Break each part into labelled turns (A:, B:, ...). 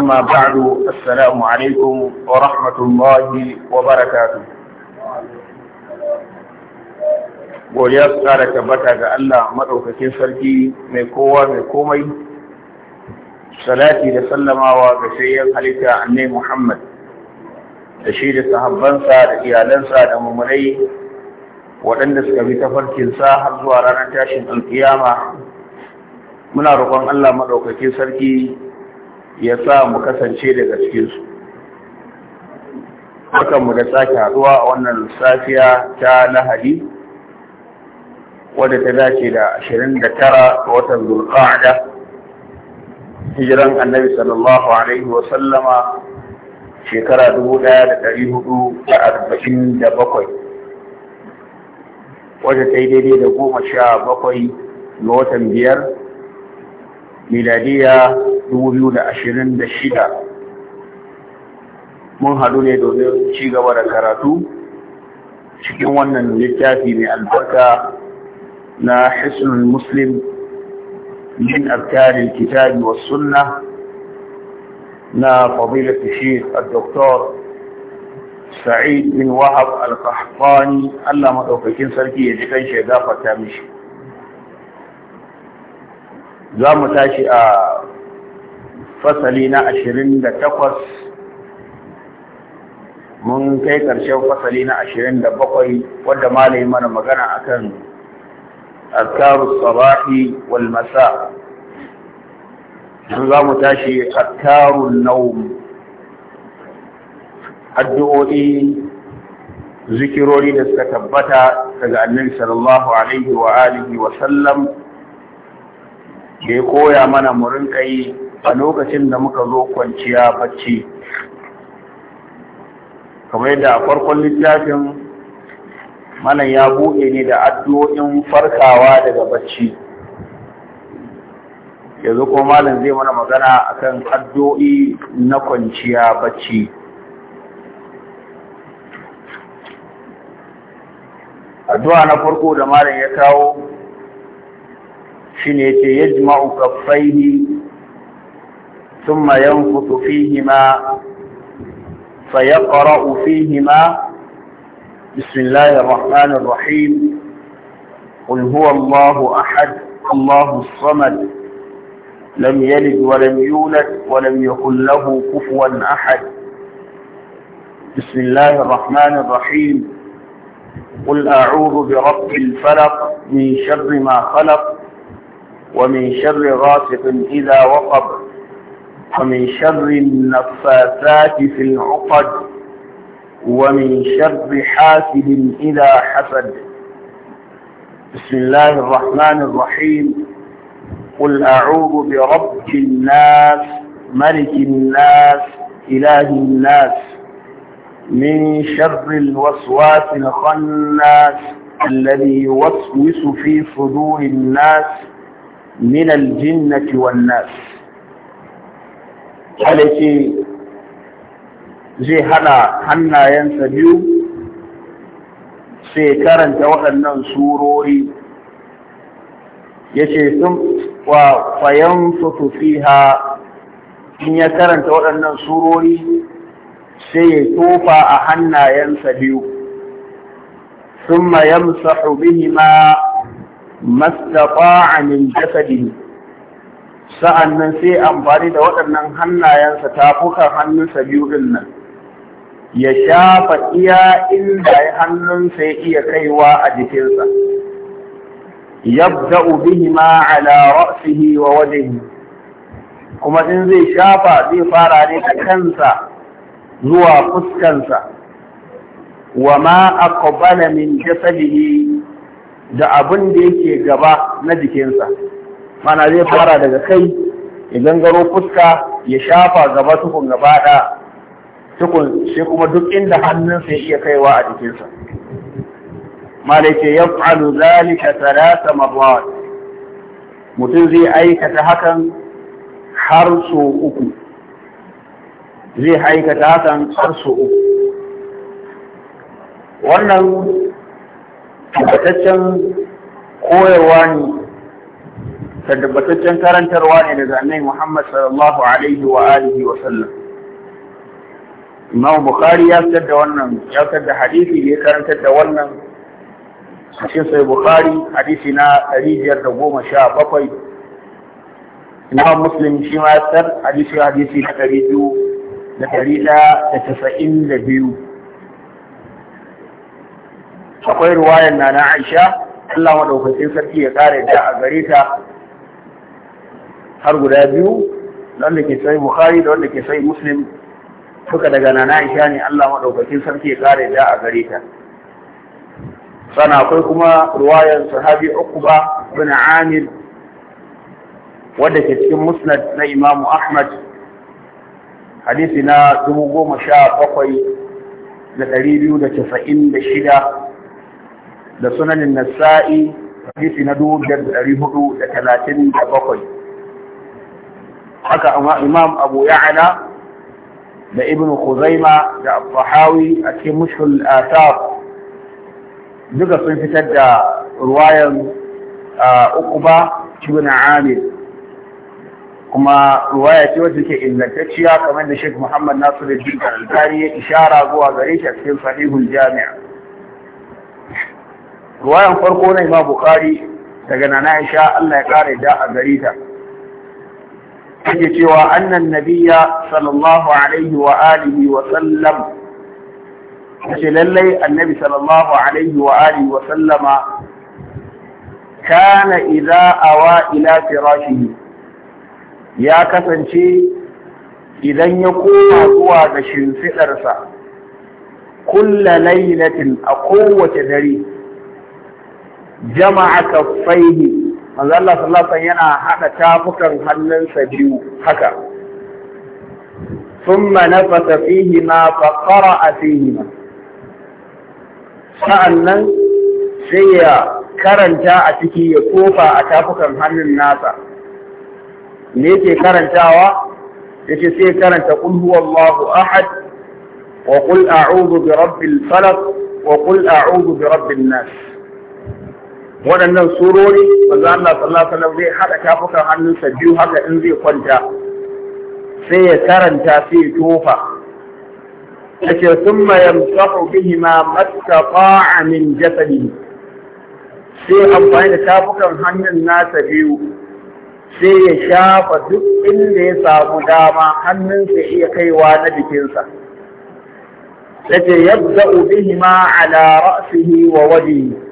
A: أما بعد السلام عليكم ورحمة الله وبركاته godiya su ƙara tabbata ga Allah maɗaukakin sarki mai kowa mai komai salati da sallamawa ga shayyan halitta annai Muhammad da shi da sahabbansa da iyalansa da mummunai waɗanda suka bi tafarkinsa har zuwa ranar tashin alkiyama muna roƙon Allah maɗaukakin sarki ya sa mu kasance daga cikinsu mu da sake haɗuwa a wannan safiya ta lahadi wadda ta dace da 29 ga watan zulqa'ada hijiran annabi sallallahu alaihi wa sallama shekara 1447 wadda ta yi daidai da goma sha bakwai ga watan biyar miladiya 2026 mun haɗu ne domin ci gaba da karatu cikin wannan littafi mai albarka na hisnul muslim min afkarin kitabi wa sunna na fadilat shekh a doktor sa'id bin wahab al-qahtani Allah maɗaukakin sarki ya ji kan shi gafarta mishi za mu tashi a fasali na ashirin da takwas mun kai ƙarshen fasali na ashirin da bakwai wadda malayi mana magana akan azkaru sabahi wal masa za mu tashi azkarun naum addu'o'i zikirori da suka tabbata daga annabi sallallahu alaihi wa alihi wa sallam da koya mana mu a lokacin da muka zo kwanciya bacci kamar yadda a farkon littafin malam ya buɗe ne da addu'o'in farkawa daga bacci yanzu kuma malam zai mana magana akan addu'o'i na kwanciya bacci addu'a na farko da malam ya kawo shine يجمع كفيه ثم ينفث فيهما فيقرأ فيهما بسم الله الرحمن الرحيم قل هو الله أحد الله الصمد لم يلد ولم يولد ولم يكن له كفوا أحد بسم الله الرحمن الرحيم قل أعوذ برب الفلق من شر ما خلق ومن شر غاسق إذا وقب ومن شر النفاثات في العقد ومن شر حاسد إذا حسد بسم الله الرحمن الرحيم قل أعوذ برب الناس ملك الناس إله الناس من شر الوسواس الخناس الذي يوسوس في صدور الناس min aljinnati wan nas halace zai haɗa hannayensa biyu sai karanta waɗannan surori yace sun wa fayanfutu fiha in ya karanta waɗannan surori sai ya tofa a hannayensa biyu ثم يمسح بهما mastafa'a min jasadihi sa'annan sai amfani da waɗannan hannayensa tafukan hannunsa biyu din nan ya shafa iya inda ya hannunsa ya iya kaiwa a jikinsa yabda'u bihima ala ra'sihi wa wajhihi kuma in zai shafa zai fara ne da kansa zuwa fuskansa wa ma aqbala min jasadihi da abin da yake gaba na jikinsa mana zai fara daga kai ya gangaro fuska ya shafa gaba tukun gaba da tukun sai kuma duk inda hannunsa ya iya kaiwa a jikinsa malaike fa'alu zalika thalatha marrat mutum zai aikata hakan har so uku zai aikata hakan har so uku wannan tabbataccen koyarwa ne tabbataccen karantarwa ne daga annabi Muhammad sallallahu alaihi wa alihi wa sallam Imam Bukhari ya fitar da wannan ya fitar da hadisi da ya karantar da wannan cikin sai Bukhari hadisi na 517 Imam Muslim shi ma ya fitar hadisi hadisi na biyu da biyu. akwai ruwayar na na Aisha Allah maɗaukacin sarki ya kare da a gare ta har guda biyu wanda ke sai Bukhari da wanda ke sai Muslim suka daga na Aisha ne Allah maɗaukacin sarki ya kare da a gare ta sana akwai kuma ruwayar sahabi Uqba bin Amir wadda ke cikin Musnad na Imam Ahmad hadisi na dubu goma sha bakwai da ɗari biyu da casa'in da shida da sunanin nasa'i hadisi na dubu da ɗari hudu da talatin da bakwai haka imam abu ya'ala da ibn khuzaima da al a cikin mushkul athar duka sun fitar da ruwayan uquba ibn amir kuma ruwaya ce wacce ke ingantacciya kamar da Sheikh Muhammad Nasiruddin Al-Albani ya ishara zuwa gare shi a cikin Sahihul Jami'a. ruwayan farko na imam bukhari daga nana aisha Allah ya kare da a gari ta yake cewa annan nabiyya sallallahu alaihi wa alihi wa sallam ce lallai annabi sallallahu alaihi wa alihi wa sallama kana idza awa ila firashihi ya kasance idan ya koma zuwa ga shimfidarsa kulla lailatin a kowace dare jama'a kafai manzo Allah sallallahu yana haɗa tafukan hannunsa biyu haka thumma nafata fihi ma fa qara'a fihi ma sa'annan sai ya karanta a ciki ya kofa a tafukan hannun nasa me ke karantawa yace sai karanta qul huwallahu ahad wa qul a'udhu bi rabbil wa qul a'udhu bi rabbin nas waɗannan surori manzo Allah sallallahu alaihi wasallam zai hada tafukan hannunsa biyu haka in zai kwanta sai ya karanta sai ya tofa yace thumma yamsahu bihima mastafa'a min jasadihi sai amfani da tafukan hannun nasa biyu sai ya shafa duk inda ya samu dama hannunsa iya kaiwa na jikinsa yace yabda'u bihima ala ra'sihi wa wajhihi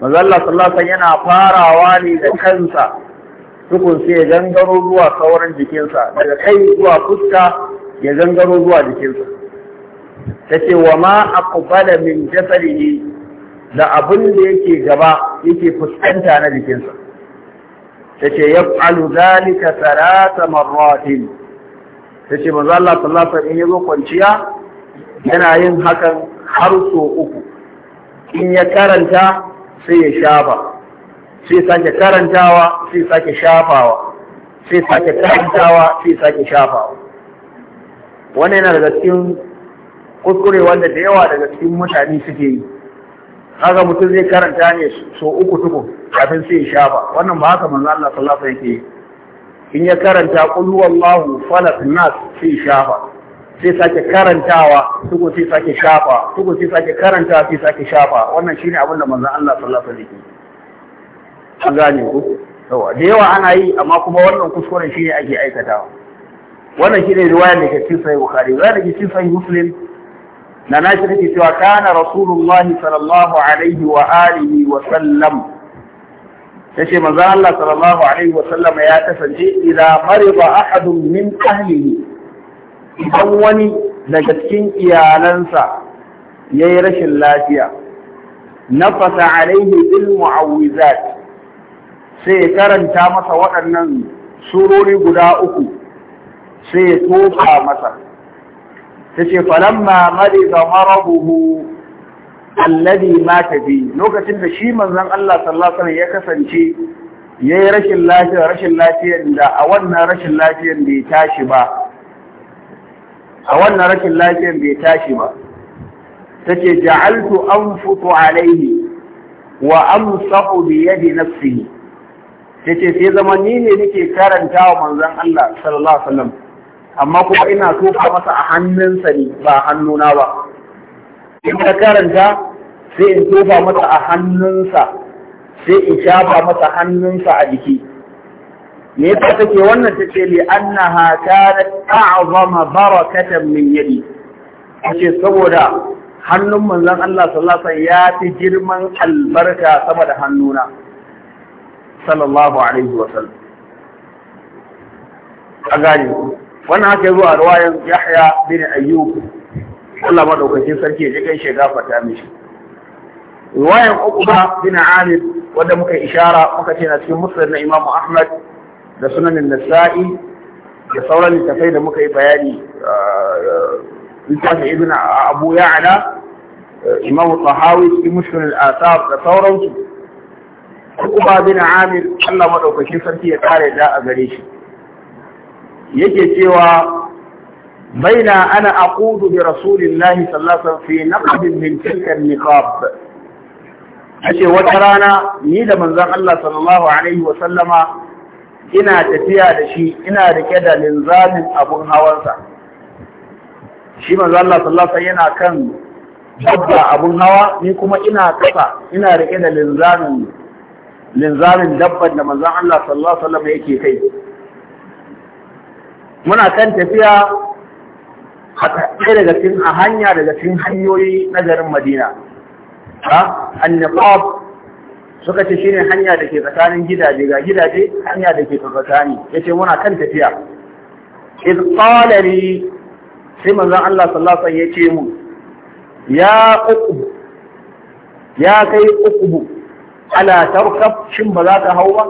A: Mazalla yana farawa ne da kansa tukun sai ya gangaro zuwa sauran jikinsa daga kai zuwa fuska ya gangaro zuwa jikinsa Ta ce wa ma aqbala min jasadihi da abin da yake gaba yake fuskanta na jikinsa Ta tace yaf'alu zalika thalatha marratin Ta manzo Allah sallallahu alaihi wasallam kwanciya yana yin hakan har so uku in ya karanta sai ya shafa sai sake karantawa sai sake shafawa sai sake karantawa sai sake shafawa wani yana daga cikin kuskure wanda da yawa daga cikin mutane suke yi haka mutum zai karanta ne so uku tukun kafin sai ya shafa wannan ba haka manzo Allah sallallahu alaihi wasallam yake yi in ya karanta qul huwallahu falaq nas sai shafa sai sake karantawa tukun sai sake shafa tukun sai sake karantawa sai sake shafa wannan shine abin da manzon Allah sallallahu alaihi wasallam an gane ku yawa da yawa ana yi amma kuma wannan kuskuren shine ake aikatawa wannan shine riwayar da ke cikin sahih bukhari riwayar da ke cikin sahih muslim na nashi take cewa kana rasulullah sallallahu alaihi wa alihi wa sallam tace manzon Allah sallallahu alaihi wa sallam ya kasance idan mariba ahadun min ahlihi idan wani daga cikin iyalansa ya yi rashin lafiya na fasa alaihi bil mu'awwizat sai karanta masa waɗannan surori guda uku sai ya tofa masa ta ce falamma marahuhu marabuhu ma ta bi lokacin da shi manzon Allah sallallahu alaihi ya kasance yayi rashin lafiya rashin lafiyar da a wannan rashin lafiyar da ya tashi ba a wannan rashin lafiyar bai tashi ba tace ja'altu fito alaihi wa amsahu bi yadi Ta tace sai zama ni ne nake wa manzon Allah sallallahu alaihi wasallam amma kuma ina tofa masa a hannunsa ne ba hannuna ba in ka karanta sai in tofa masa a hannunsa sai in shafa masa hannunsa a jiki me yasa take wannan tace li annaha kanat a'zama barakatan min yadi tace saboda hannun manzon Allah sallallahu alaihi wasallam ya fi girman albarka sama da hannuna sallallahu alaihi wasallam a gane wannan haka yazo a ruwayan Yahya bin Ayyub Allah madaukakin sarki ya kai shi gafarta mishi ruwayan Uqba bin Amir wanda muka ishara muka ce na cikin Muslim na Imam Ahmad da sunanin nasa'i da sauran littafai da muka yi bayani littafin ibn abu ya'ala imamu tahawi cikin mushkil al-asar da sauransu uba bin amir Allah madaukakin sarki ya kare da a gare shi yake cewa baina ana aqudu bi rasulillahi sallallahu alaihi wasallam fi naqbin min tilka niqab ashe wata rana ni da manzon Allah sallallahu alaihi sallama. ina tafiya da shi ina rike da linzamin abun hawansa shi manzo Allah sallallahu alaihi yana kan dabba abun hawa ni kuma ina kafa ina rike da linzamin linzamin dabban da manzo Allah sallallahu alaihi wasallam yake kai muna kan tafiya a ɗaya daga cikin a hanya daga cikin hanyoyi na garin Madina ha annabawa suka ce shine hanya da ke tsakanin gidaje ga gidaje hanya da ke tsakani ya ce muna kan tafiya iz qala li sai manzon Allah sallallahu alaihi wasallam yace mu ya uqbu ya kai uqbu ala tarkab shin ba za ka hau ba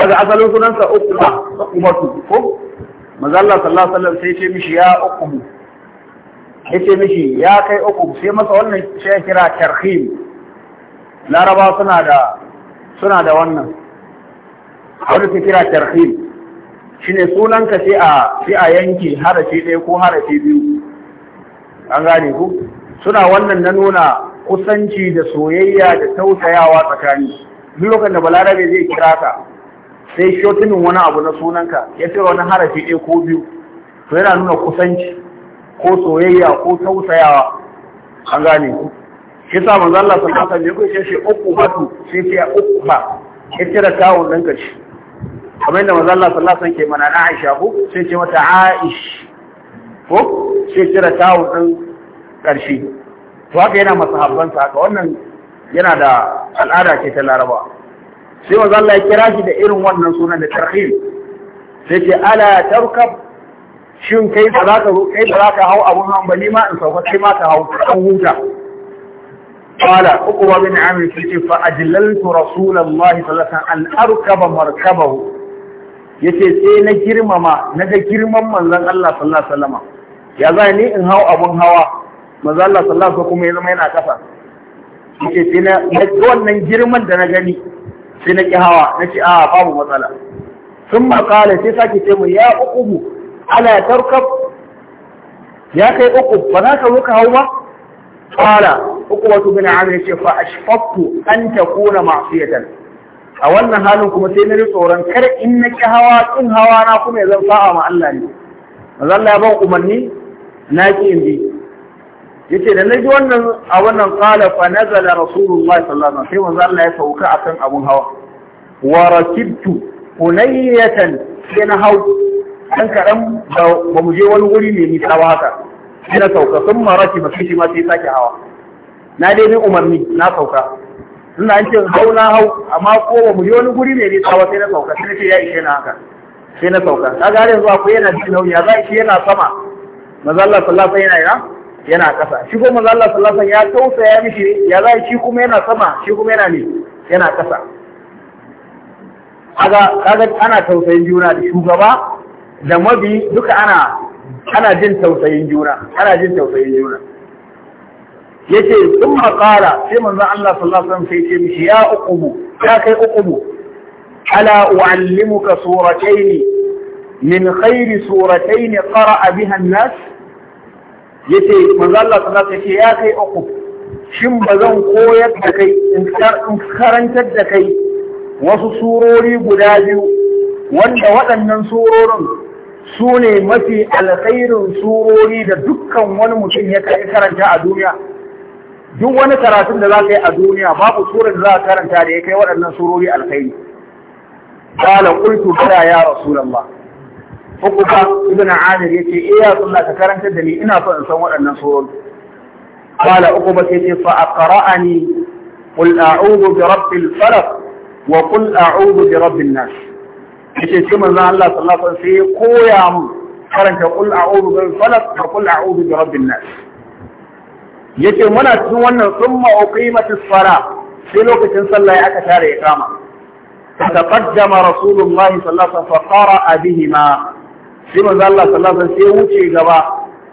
A: daga asalin sunansa uqba uqbatu ko manzon Allah sallallahu alaihi wasallam sai ce mishi ya Ya ce mishi ya kai uqbu sai masa wannan shekira tarhim laraba suna da suna da wannan su kira tarhim shine sunanka sai a sai a yanki harafi ɗaya ko harafi biyu an gane ku suna wannan na nuna kusanci da soyayya da tausayawa tsakani duk lokacin da balarabe zai kira ka sai shotinin wani abu na sunanka ya fi wani harafi ɗaya ko biyu to yana nuna kusanci ko soyayya ko tausayawa an gane ku Kisa manzo Allah sallallahu alaihi wasallam ya ce uku batu shi ce uku ba ya tira kawun dan kashi kamar yadda manzo Allah sallallahu alaihi wasallam ke mana na Aisha ko sai ce mata Aish ko sai tira kawun dan karshe to haka yana sa, haka wannan yana da al'ada ce ta Laraba sai manzo Allah ya kira shi da irin wannan sunan da tarhim sai ce ala tarkab shin kai ba za ka zo kai ba za ka hau abun hanbali ma in sauka kai ma ka hau kan huta قال عقبة بن عامر كيف فأجللت رسول الله صلى الله عليه وسلم أن أركب مركبه yace sai na girmama na ga girman manzon Allah sallallahu alaihi wasallam ya za ni in hau abun hawa manzon Allah sallallahu alaihi wasallam kuma ya zama yana kasa yace sai na ga wannan girman da na gani sai na ki hawa nace a babu matsala sun makala sai sake ce mu ya uqubu ala tarkab ya kai uqub ba za ka zo ka hau ba qala uqwatu bin amr ce fa ashfaqtu an masu ma'siyatan a wannan halin kuma sai na tsoron kar in na ki hawa in hawa na kuma ya zan fa'a ma Allah ne manzo ya ban umarni na ki in bi ce da naji wannan a wannan kala fa nazala rasulullah sallallahu alaihi wasallam sai manzo ya sauka akan abun hawa wa rakibtu hunayatan sai na hau dan kaɗan ba mu je wani wuri ne nisa ba haka Ina sauka sun maraki ba sai shi ma sai sake hawa na dai bi umarni na sauka ina an ce hau na hau amma ko ba mu wani guri mai nisa ba sai na sauka sai na ce ya ishe na haka sai na sauka ka ga yanzu akwai yana jin nauyi za a yana sama manzo Allah sallallahu alaihi wasallam yana yana ƙasa shi ko manzo Allah sallallahu alaihi wasallam ya tausaya mishi ya za shi kuma yana sama shi kuma yana ne yana ƙasa kaga kaga ana tausayin juna da shugaba da mabi duka ana ana jin tausayin juna ana jin tausayin juna yace sun maƙara sai manzan Allah sallallahu alaihi wasallam sai ce mishi ya uqubu ya kai uqubu ala uallimuka suratayn min khairi suratayn qara'a biha an-nas yace manzan Allah sallallahu alaihi wasallam ya kai uqubu shin ba zan koyar da kai in karantar da kai wasu surori guda biyu wanda waɗannan surorin su ne mafi alkhairin surori da dukkan wani mutum ya karanta a duniya duk wani karatun da za ka yi a duniya babu surar da za ka karanta da ya kai waɗannan surori alkhairi
B: qala qultu bala ya
A: rasulullah hukuka ibn amir yace eh ya sunna ka karanta da ni ina so in san waɗannan surori qala uquba sai ce fa aqra'ani qul a'udhu bi rabbil falaq wa qul a'udhu bi rabbin nas yace shi manzon Allah sallallahu alaihi wasallam sai koya mu karanta qul a'udhu bi falaq wa qul a'udhu bi rabbin nas yace muna cikin wannan summa uqimatis sala sai lokacin sallah aka tare ya kama fataqaddama rasulullahi rasulun alaihi wasallam fa qara'a ma. sai manzo Allah sallallahu sai wuce gaba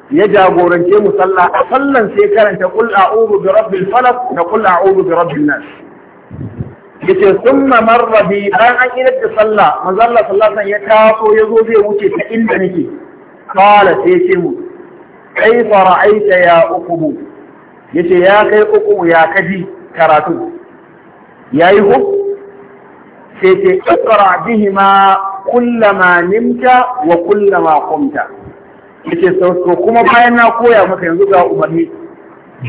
A: ya jagorance mu sallah a sallan sai karanta qul a'udhu bi rabbil falaq da qul a'udhu bi rabbin nas yace thumma marra bi bayan an idar da sallah manzo Allah sallallahu ya taso ya zo zai wuce ta inda nake qala sai ce mu kaifa ra'aita ya uqbu ya ce ya kai uku ya kaji karatu ya yi ku sai ce ikra bihi kullama nimta wa kullama kumta ya ce sauko kuma bayan na koya maka yanzu ga umarni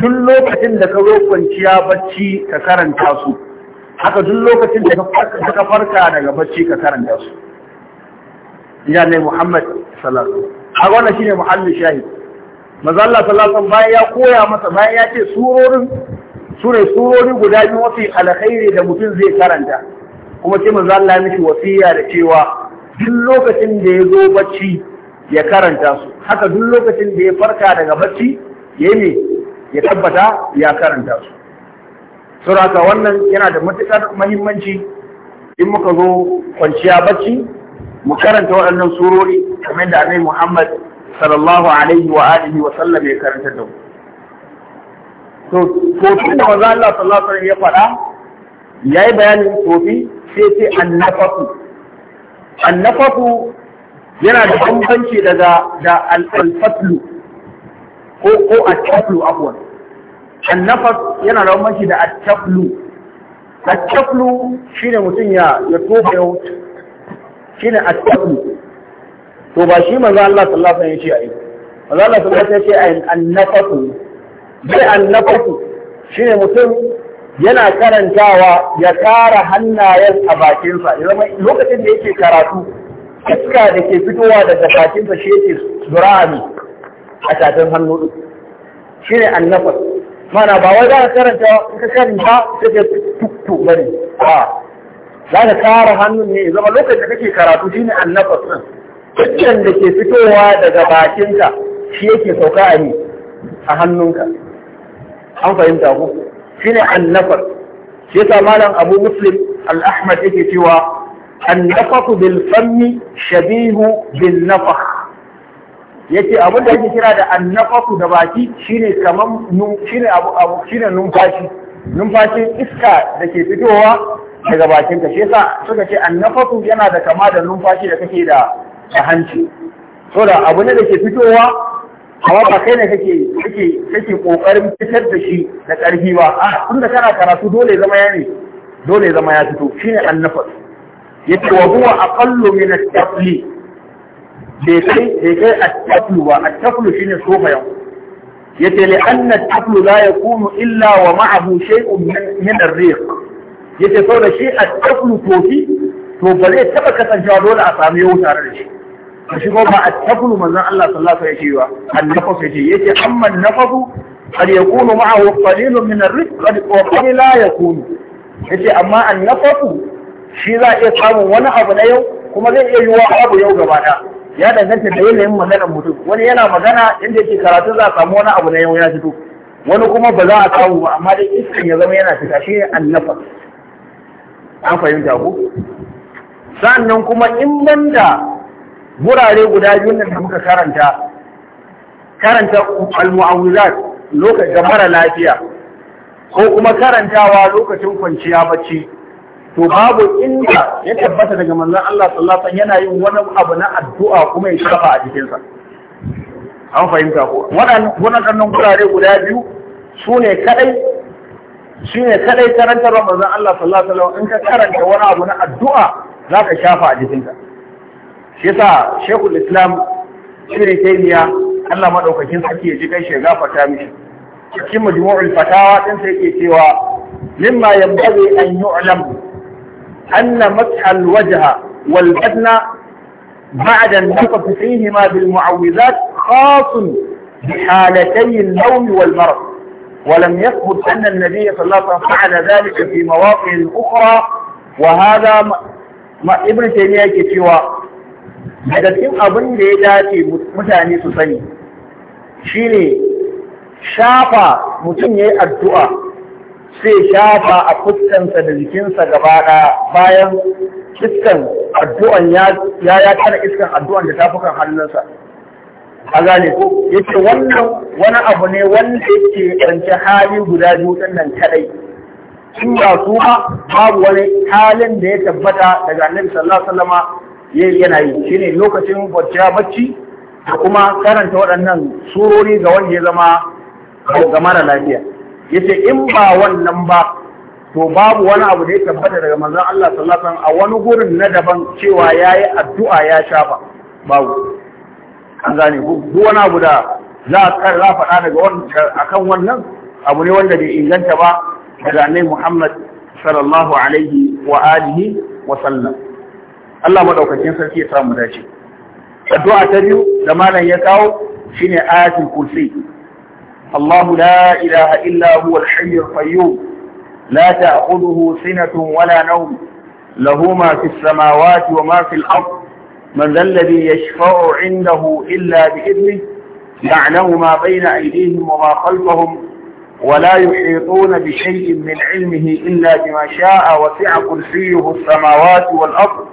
A: duk lokacin da ka zo kwanciya bacci ka karanta su haka duk lokacin da ka farka daga bacci ka karanta su ya ne Muhammad sallallahu alaihi a wannan shine muhallin shahid maza Allah sallallahu alaihi bayan ya koya masa bayan ya ce surorin sune surori guda biyu mafi alkhairi da mutum zai karanta kuma sai manzo Allah ya mishi wasiya da cewa duk lokacin da ya zo bacci ya karanta su haka duk lokacin da ya farka daga bacci ya ya tabbata ya karanta su suraka wannan yana da matuƙar muhimmanci, in muka zo kwanciya bacci mu karanta waɗannan surori kamar da Annabi Muhammad sallallahu alaihi wa alihi wa sallam ya karanta da mu to tofi da manzo Allah sallallahu alaihi ya faɗa yayi bayanin tofi sai ce annafasu annafasu yana da bambanci daga da al-fatlu ko ko at-taflu afwan annafas yana da bambanci da at-taflu
B: at-taflu
A: shine mutum ya ya tofa ya wuce shine at-taflu to ba shi manzo Allah sallallahu alaihi wasallam ya ce ayi manzo Allah sallallahu alaihi wasallam ya ce annafatu bai annafatu shine mutum yana karantawa ya kara hannayen a bakinsa ya zama lokacin da yake karatu iska da ke fitowa daga bakin bakinsa shi yake zurami a tafin hannu ɗin shi ne annafas mana ba wai za ka karanta in ka karanta sai ka tuktu bane a za ka kara hannun ne ya zama lokacin da kake karatu shine ne annafas dukkan da ke fitowa daga bakinka shi yake sauka a ni a hannunka an fahimta ku Shi shine annafar shi yasa malam abu muslim al-ahmad yake cewa annafaku bil fammi shabihu bin nafakh yace abin da yake kira da annafaku da baki shine kaman shine abu abu shine numfashi numfashin iska da ke fitowa daga bakinka shi yasa suka ce annafaku yana da kama da numfashi da kake da A hanci saboda abu ne da ke fitowa hawa ba kai ne kake kake kake kokarin fitar da shi da ƙarfi ba a ah, tunda kana karatu dole zama ya ne dole zama ya fito shine annafas yace wa huwa aqallu min at-tafli bai kai Be kai at-taflu ba at-taflu shine sofayan yace li anna at-taflu la yakunu illa wa ma'ahu shay'un min ar-riq yace saboda shi at-taflu tofi to ba zai taba kasancewa dole a samu yau tare da shi A shigo ba a tafulu manzon Allah sallallahu alaihi wa annafasu yake yake amma nafasu qad yakunu ma'ahu qalilun min ar-rizq qad qad ya kunu. yace amma annafasu shi za iya samun wani abu na yau kuma zai iya yiwa abu yau gaba da ya danganta da yanayin maganar mutum wani yana magana inda yake karatu za a samu wani abu na yau ya fito wani kuma ba za a samu ba amma dai iskan ya zama yana fita shi annafa an fahimta ku sannan kuma in banda gurare guda biyun nan da muka karanta karanta al-mu'awwizat lokacin da mara lafiya ko kuma karantawa lokacin kwanciya bacci to babu inda ya tabbata daga manzon Allah sallallahu alaihi yana yin wani abu na addu'a kuma ya shafa a jikinsa an fahimta ko waɗannan gurare guda biyu su ne kadai sune ne kadai karantar manzon Allah sallallahu alaihi in ka karanta wani abu na addu'a zaka shafa a ka shi yasa shekul islam shirin taimiya allah maɗaukakin sarki ya ji kai shi fata mishi cikin majmu'ul fatawa din sai yake cewa mimma yanbaghi an yu'lam anna mathal wajha wal batna بعد النفق فيهما بالمعوذات خاص nawm wal marad ولم يثبت أن النبي صلى الله عليه وسلم فعل ذلك في مواقع أخرى وهذا ما ابن تيمية كتوى daga cikin abin da ya dace mutane su sani shi ne shafa mutum ya yi addu'a sai shafa a fuskansa da jikinsa gaba ɗaya bayan iskan addu'an ya ya tana iskan addu'an da tafukan hannunsa a gane ko yace wannan wani abu ne wanda yake rance hali guda biyu ɗin nan kadai in ba su babu wani halin da ya tabbata daga annabi sallallahu alaihi wasallama yana yi ne lokacin kwanciya bacci da kuma karanta waɗannan surori ga wanda ya zama ga mara lafiya yace in ba wannan ba to babu wani abu da ya tabbata daga manzon Allah sallallahu alaihi a wani gurin na daban cewa yayi addu'a ya shafa babu an gane ku duk wani abu da za a za faɗa daga wannan akan wannan abu ne wanda bai inganta ba daga annabi Muhammad sallallahu alaihi wa alihi wa sallam Allah madaukakin sarki ya samu dace addu'a ta biyu da malam ya kawo shine ayatul kursi الله لا إله إلا هو الحي القيوم لا تأخذه سنة ولا نوم له ما في السماوات وما في الأرض من ذا الذي يشفع عنده إلا بإذنه يعلم ما بين أيديهم وما خلفهم ولا يحيطون بشيء من علمه إلا بما شاء وسع كرسيه السماوات والأرض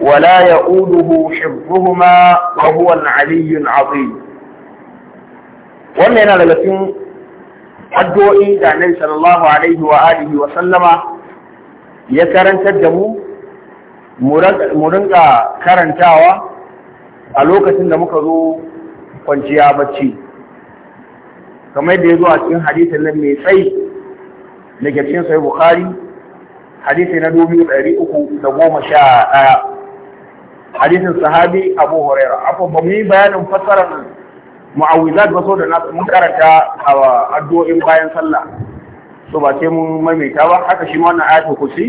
A: ولا يؤوده حفظهما وهو العلي العظيم wannan yana daga cikin addu'o'i da Annabi sallallahu alaihi wa alihi wa sallama ya karantar da mu mu rinka karantawa a lokacin da muka zo kwanciya bacci kamar yadda ya zo a cikin hadisin nan mai tsayi daga cikin sahih bukhari hadisi na 2311 hadisin sahabi Abu Huraira afa ba mu yi bayanin fassarar mu'awizat ba so da nasu mun karanta a addu'o'in bayan sallah so ba sai mun maimaita ba haka shi na wannan ayatul kursi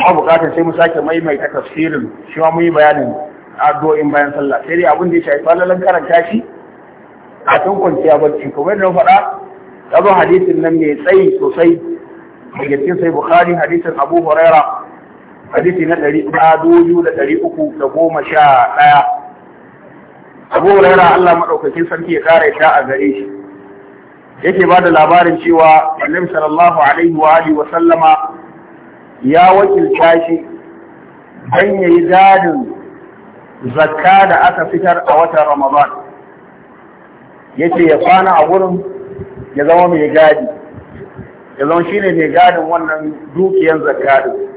A: ba bukatar sai mu sake maimaita tafsirin shi ma mun yi bayanin addu'o'in bayan sallah sai dai abin da ya shafi falalan karanta shi a kan kwanciya barci kamar da na faɗa ta zo hadisin nan mai tsayi sosai daga cikin sai bukhari hadisin abu huraira hadisi na ɗari ɗaya da ɗari uku da goma sha ɗaya abu yana allah maɗaukakin sarki ya ƙara yadda a gare shi yake ba da labarin cewa annabi sallallahu alaihi wa alihi wa sallama ya wakilta shi dan yayi gadin zakka da aka fitar a watan ramadan yace ya kwana a wurin ya zama mai gadi ya zama shine mai gadin wannan dukiyar zakka din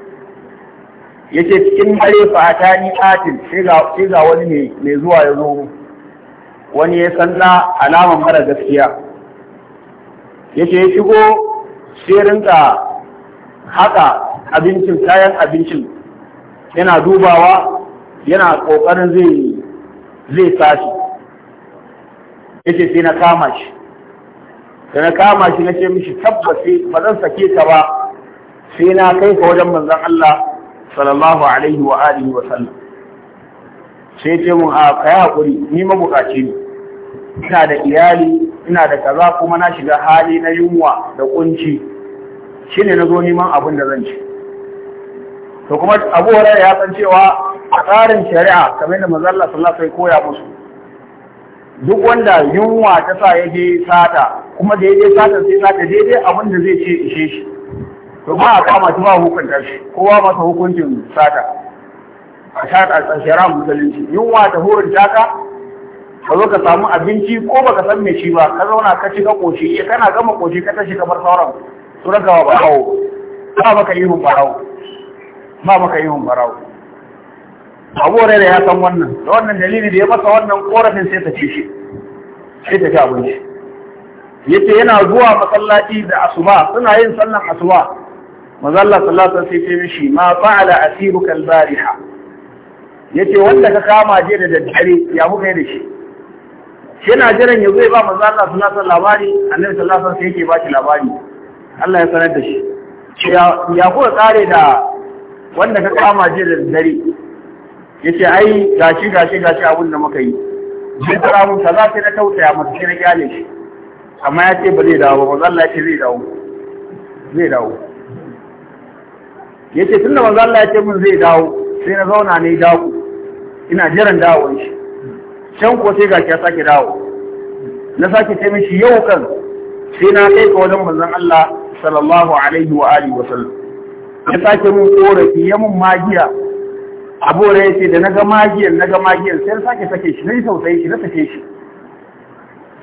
A: yace cikin dare fa ni atin sai ga wani ne mai zuwa ya zo wani ya sanna alaman mara gaskiya yace ya shigo sai rinka haka abincin kayan abincin yana dubawa yana kokarin zai zai yace sai na kama shi da na kama shi na ce mishi tabbas eh, ba zan sake ka ba sai na kai ka wajen manzon Allah sallallahu alaihi wa alihi wa sallam sai ce mun a kai hakuri ni mabukaci ne ina da iyali ina da kaza kuma na shiga hali na yunwa da kunci shine nazo neman abin da zan ci to kuma Abu Hurairah ya san cewa a tsarin shari'a kamar da manzo Allah sallallahu alaihi koya musu duk wanda yunwa ta sa ya je sata kuma da ya sata sai sata daidai abin da zai ce ishe shi to ba a kama shi ba hukunta shi kowa masa hukuncin sata a sata a shari'a musulunci yunwa ta horin taka ka zo ka samu abinci ko baka san me shi ba ka zauna ka ci ka koshi eh kana gama koshi ka tashi kamar sauran sunan ka ba barawo ba maka ihun barawo ba maka ihun barawo Abu Hurairah ya san wannan da wannan dalili da ya masa wannan korafin sai ta ci shi sai ta ci abinci yace yana zuwa masallaci da asuba suna yin sallan asuba mazalla sallallahu alaihi wasallam sai ma fa'ala asiruka al-bariha yace wanda ka kama je da daddare ya muka yi da shi shi na jiran ya zai ba mazalla sallallahu alaihi labari annabi sallallahu alaihi wasallam yake ba shi labari Allah ya sanar da shi ya kuka kare da wanda ka kama je da daddare yace ai gashi gashi gashi abun da muka yi sai fara mun kaza sai na tausaya masa sai na kyale shi amma ya ce ba zai dawo ba mazalla ya ce zai dawo zai dawo ya ce tun da manzo Allah ya ce min zai dawo sai na zauna ne dawo ina jiran dawo shi can ko sai gashi ya sake dawo na sake ce mishi yau kan sai na kai ka wajen manzon Allah sallallahu alaihi wa alihi wa sallam ya sake mun korafi ya mun magiya abora ya ce da naga magiyan naga magiyan sai na sake sake shi na yi tausayi shi na sake shi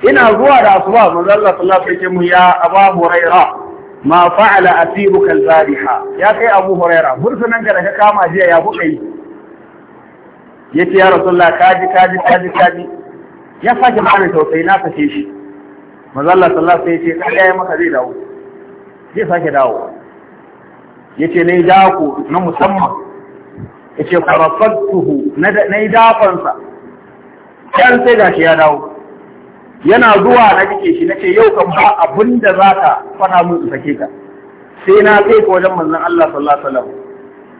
A: ina zuwa da asuba manzon Allah sallallahu alaihi wa sallam ya aba hurairah ma fa'ala asibuka al zabiha ya kai Abu Huraira bursunan ka da ka kama jiya ya kuka yi yace ya Rasulullah kaji kaji kaji kaji ya sake bani tausayi na sake shi manzo Allah sallallahu alaihi wasallam sai ya ce maka zai dawo zai sake dawo yace ne ja ku na musamman yace farafatuhu na na dafan sa kan sai gashi ya dawo yana zuwa na jike shi nace yau kan ba abin da za ka fara musu sake ka sai na kai ka wajen manzon Allah sallallahu alaihi wasallam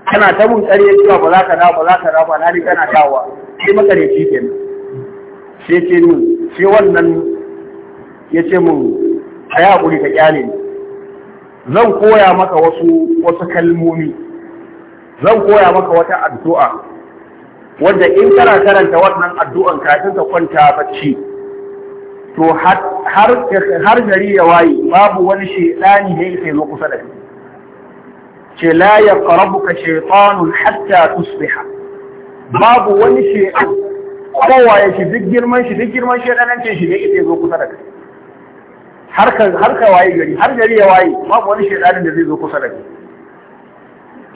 A: kana ta mun kare cewa ba za ka dawo ba za ka dawo ba na ni kana dawa sai shi kenan sai ce ni sai wannan ya ce mun a guri ka kyale ni zan koya maka wasu wasu kalmomi zan koya maka wata addu'a wanda in kana karanta wannan addu'an kafin ka kwanta bacci to har gari ya waye babu wani shaidani da yake zo kusa da kai ce la ya qarabuka shaytanun hatta tusbiha babu wani shaidan kowa ya shi, duk girman shi duk girman ce shi ne yake zo kusa da kai
B: har
A: ka waye gari har gari ya waye babu wani shaidanin da zai zo kusa da kai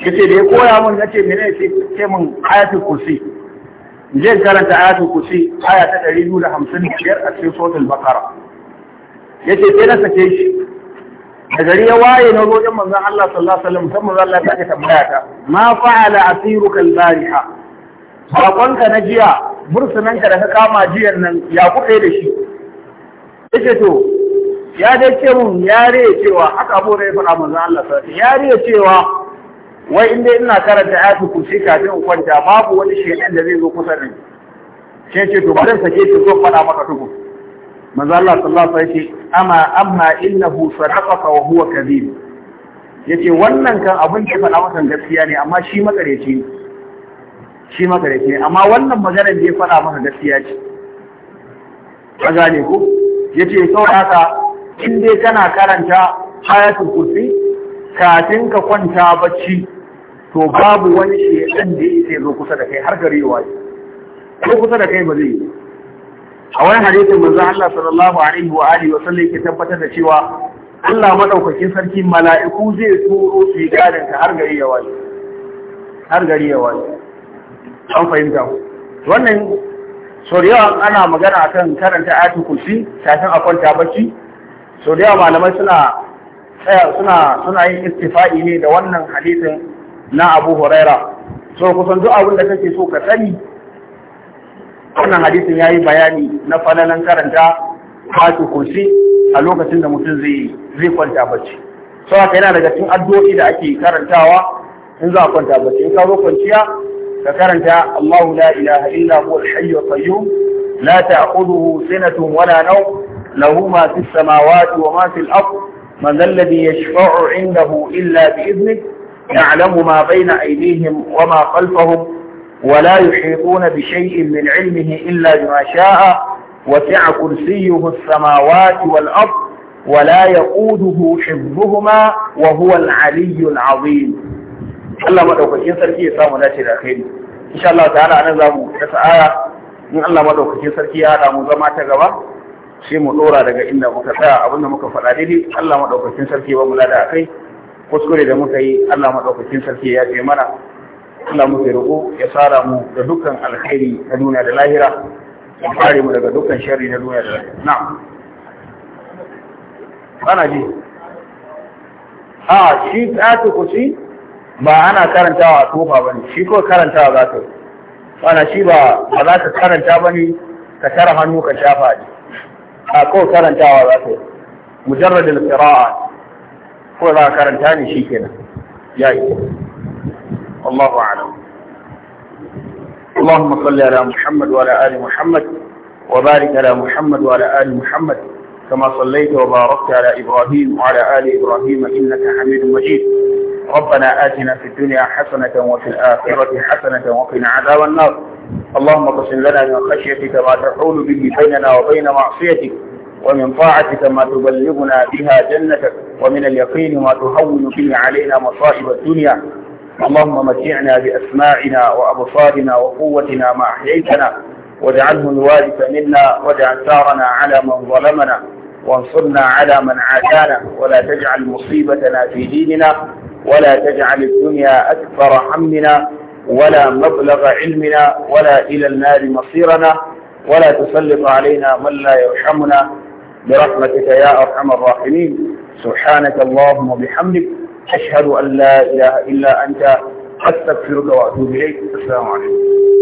B: yace da ya koya
A: min ce mene ce ce min ayatul kursi zai karanta ayatul kursi aya ta 255 a cikin suratul baqara yace sai na sake shi da gari ya waye na roƙin manzon Allah sallallahu alaihi wasallam sai manzon Allah ya sake tambaya ta ma fa'ala asiruka al-bariha bakonka na jiya bursunanka da ka kama jiyan nan ya kuka da shi yace to ya dai ce mun ya cewa haka abu da ya faɗa manzon Allah sallallahu alaihi wasallam ya cewa wai inda ina karanta ayatul kursi kafin in kwanta babu wani shedan da zai zo kusa da ni sai ce to bari sake ki zo fada maka tukun manzo Allah sallallahu alaihi wasallam yace amma amma innahu sarqaka wa huwa kadhib yace wannan kan abin da fada maka gaskiya ne amma shi makareci ne shi makareci ne amma wannan maganar da ya fada maka gaskiya ce ka gane ko yace saboda in dai kana karanta ayatul kursi kafin ka kwanta bacci to babu wani shedan da yake zo kusa da kai har gari ya waje. ko kusa da kai ba zai yi a wani hadisin manzo Allah sallallahu alaihi wa alihi wa sallam yake tabbatar da cewa Allah madaukakin sarki mala'iku zai turo su yi gadin ka har gari ya waje. har gari ya waje. an fahimta wannan sau da yawa ana magana akan karanta ayatul kursi kafin a kwanta tabbaci. sau da yawa malamai suna suna suna yin istifa'i ne da wannan hadisin na Abu Huraira so kusan duk abin da kake so ka sani wannan hadisin yayi bayani na falalan karanta fatu kursi a lokacin da mutum zai zai kwanta bacci so haka yana daga cikin addu'o'i da ake karantawa in za ka kwanta bacci in ka zo kwanciya ka karanta Allahu la ilaha illa huwa al-hayyu al-qayyum la ta'khudhuhu sinatun wa la nawm له ما في السماوات وما في الأرض من man dhal ladhi yashfa'u 'indahu illa يعلم ما بين أيديهم وما خلفهم ولا يحيطون بشيء من علمه إلا بما شاء وسع كرسيه السماوات والأرض ولا يقوده حفظهما وهو العلي العظيم Allah madaukakin sarki ya samu dace da kai insha Allah ta'ala anan zamu kasa aya in Allah madaukakin sarki ya hada mu zama ta gaba sai mu ɗora daga inda muka tsaya abinda muka faɗa daidai Allah madaukakin sarki ba mu kai kuskure da muka yi Allah madaukakin sarki ya ce mana Allah muke roƙo ya tsara mu da dukkan alkhairi na duniya da lahira ya kare mu daga dukkan sharri na duniya da lahira Na, ana ji a shi ta kusi ba ana karantawa a tofa ne shi ko karantawa za ta ana shi ba ba za ka karanta ba ne ka tara hannu ka shafa ne a ko karantawa za ta mujarradin qira'a ko za كان karanta ne shi kenan ya yi Allahu a'lam اللهم صل على محمد وعلى آل محمد وبارك على محمد وعلى آل محمد كما صليت وباركت على إبراهيم وعلى آل إبراهيم إنك حميد مجيد ربنا آتنا في الدنيا حسنة وفي الآخرة حسنة وقنا عذاب النار اللهم اقسم لنا من خشيتك ما تحول به بيننا وبين معصيتك ومن طاعتك ما تبلغنا بها جنتك ومن اليقين ما تهون به علينا مصائب الدنيا اللهم متعنا بأسماعنا وأبصارنا وقوتنا ما أحييتنا واجعله الوارث منا واجعل ثارنا على من ظلمنا وانصرنا على من عادانا ولا تجعل مصيبتنا في ديننا ولا تجعل الدنيا أكبر همنا ولا مبلغ علمنا ولا إلى النار مصيرنا ولا تسلط علينا من لا يرحمنا برحمتك يا أرحم الراحمين سبحانك اللهم وبحمدك أشهد أن لا إله إلا أنت أستغفرك وأتوب إليك السلام عليكم